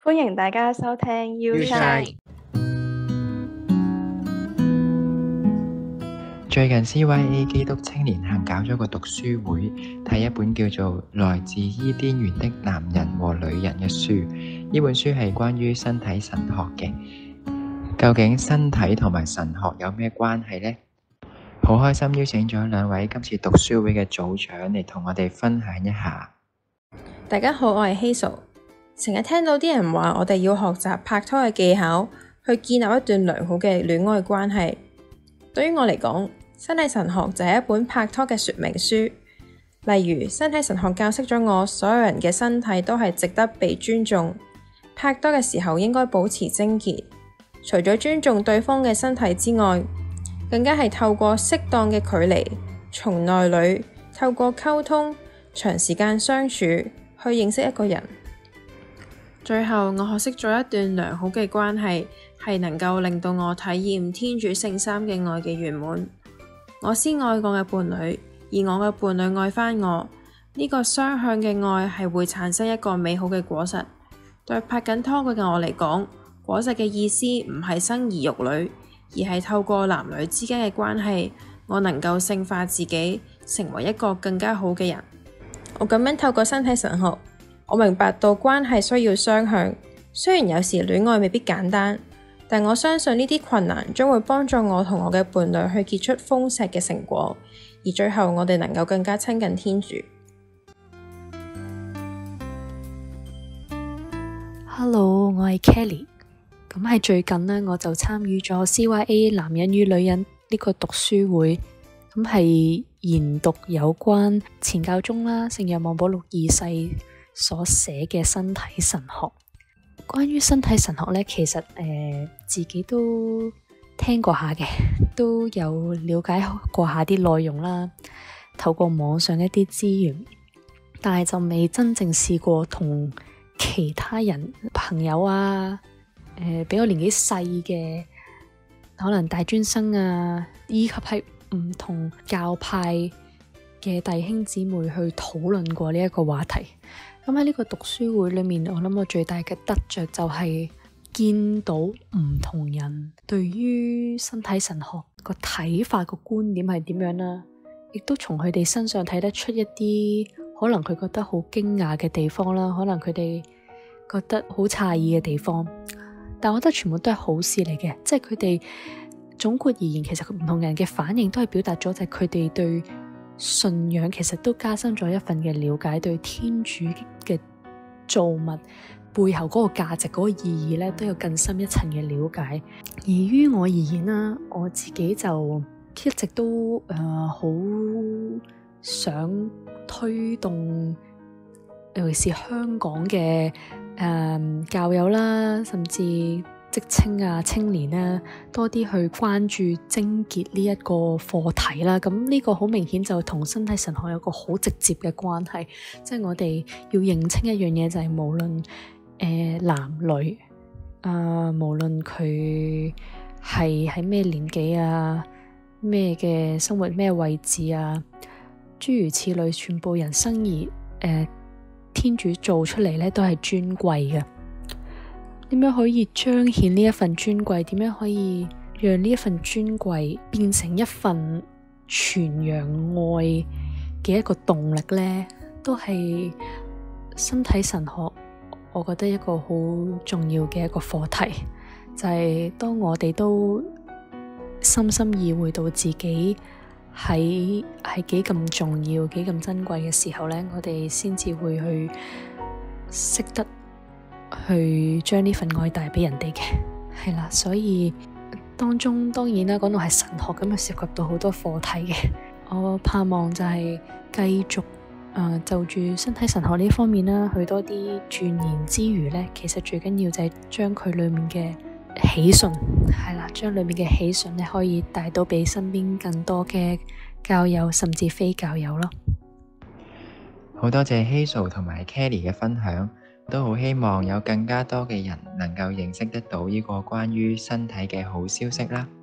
歡迎大家收聽 U Shine。最近 C Y A 基督青年行搞咗個讀書會，睇一本叫做《來自伊甸園的男人和女人》嘅書。呢本書係關於身體神學嘅，究竟身體同埋神學有咩關係呢？好開心邀請咗兩位今次讀書會嘅組長嚟同我哋分享一下。大家好，我係 Hazel。成日聽到啲人話，我哋要學習拍拖嘅技巧，去建立一段良好嘅戀愛關係。對於我嚟講，身體神學就係一本拍拖嘅說明書。例如，身體神學教識咗我，所有人嘅身體都係值得被尊重。拍拖嘅時候應該保持貞潔，除咗尊重對方嘅身體之外，更加係透過適當嘅距離，從內裏透過溝通，長時間相處去認識一個人。最後，我學識咗一段良好嘅關係，係能夠令到我體驗天主聖三嘅愛嘅圓滿。我先愛我嘅伴侶，而我嘅伴侶愛返我，呢個雙向嘅愛係會產生一個美好嘅果實。對拍緊拖嘅我嚟講，果實嘅意思唔係生兒育女，而係透過男女之間嘅關係，我能夠聖化自己，成為一個更加好嘅人。我咁樣透過身體神學。我明白到關係需要雙向，雖然有時戀愛未必簡單，但我相信呢啲困難將會幫助我同我嘅伴侶去結出豐碩嘅成果，而最後我哋能夠更加親近天主。Hello，我係 Kelly，咁喺最近呢，我就參與咗 CIA 男人與女人呢個讀書會，咁係研讀有關前教宗啦聖若望保祿二世。所寫嘅身體神學，關於身體神學呢，其實誒、呃、自己都聽過下嘅，都有了解過下啲內容啦，透過網上一啲資源，但係就未真正試過同其他人朋友啊，誒、呃，比我年紀細嘅，可能大專生啊，以及喺唔同教派，嘅弟兄姊妹去討論過呢一個話題，咁喺呢個讀書會裏面，我諗我最大嘅得着就係見到唔同人對於身體神學個睇法個觀點係點樣啦，亦都從佢哋身上睇得出一啲可能佢覺得好驚訝嘅地方啦，可能佢哋覺得好詫異嘅地方。但我覺得全部都係好事嚟嘅，即係，佢哋總括而言，其實唔同人嘅反應都係表達咗，就係，佢哋對。信仰其實都加深咗一份嘅了解，對天主嘅造物背後嗰個價值、嗰、那個意義咧，都有更深一層嘅了解。而於我而言啦，我自己就一直都誒好、呃、想推動，尤其是香港嘅誒、呃、教友啦，甚至，職青啊，青年咧，多啲去關注精結呢一個課題啦。咁呢個好明顯就同身體神學有個好直接嘅關係。即係我哋要認清一樣嘢，就係、是、無論誒、呃、男女啊、呃，無論佢係喺咩年紀啊，咩嘅生活咩位置啊，諸如此類，全部人生而誒、呃、天主做出嚟咧，都係尊貴嘅。點樣可以彰顯呢一份尊貴？點樣可以讓呢一份尊貴變成一份傳揚愛嘅一個動力呢？都係身體神學，我覺得一個好重要嘅一個課題，就係、是、當我哋都深深意會到自己喺係幾咁重要、幾咁珍貴嘅時候，呢我哋先至會去識得。去將呢份愛帶畀人哋嘅，係啦，所以當中當然啦，講到係神學咁啊，涉及到好多課題嘅。我盼望就係繼續、呃、就住身體神學呢方面啦，去多啲鑽研之餘呢，其實最緊要就係將佢裏面嘅喜訊係啦，將裏面嘅喜訊呢，可以帶到畀身邊更多嘅教友甚至非教友咯。好多謝 Hazel 同埋 Kelly 嘅分享。都好希望有更加多嘅人能夠認識得到呢個關於身體嘅好消息啦～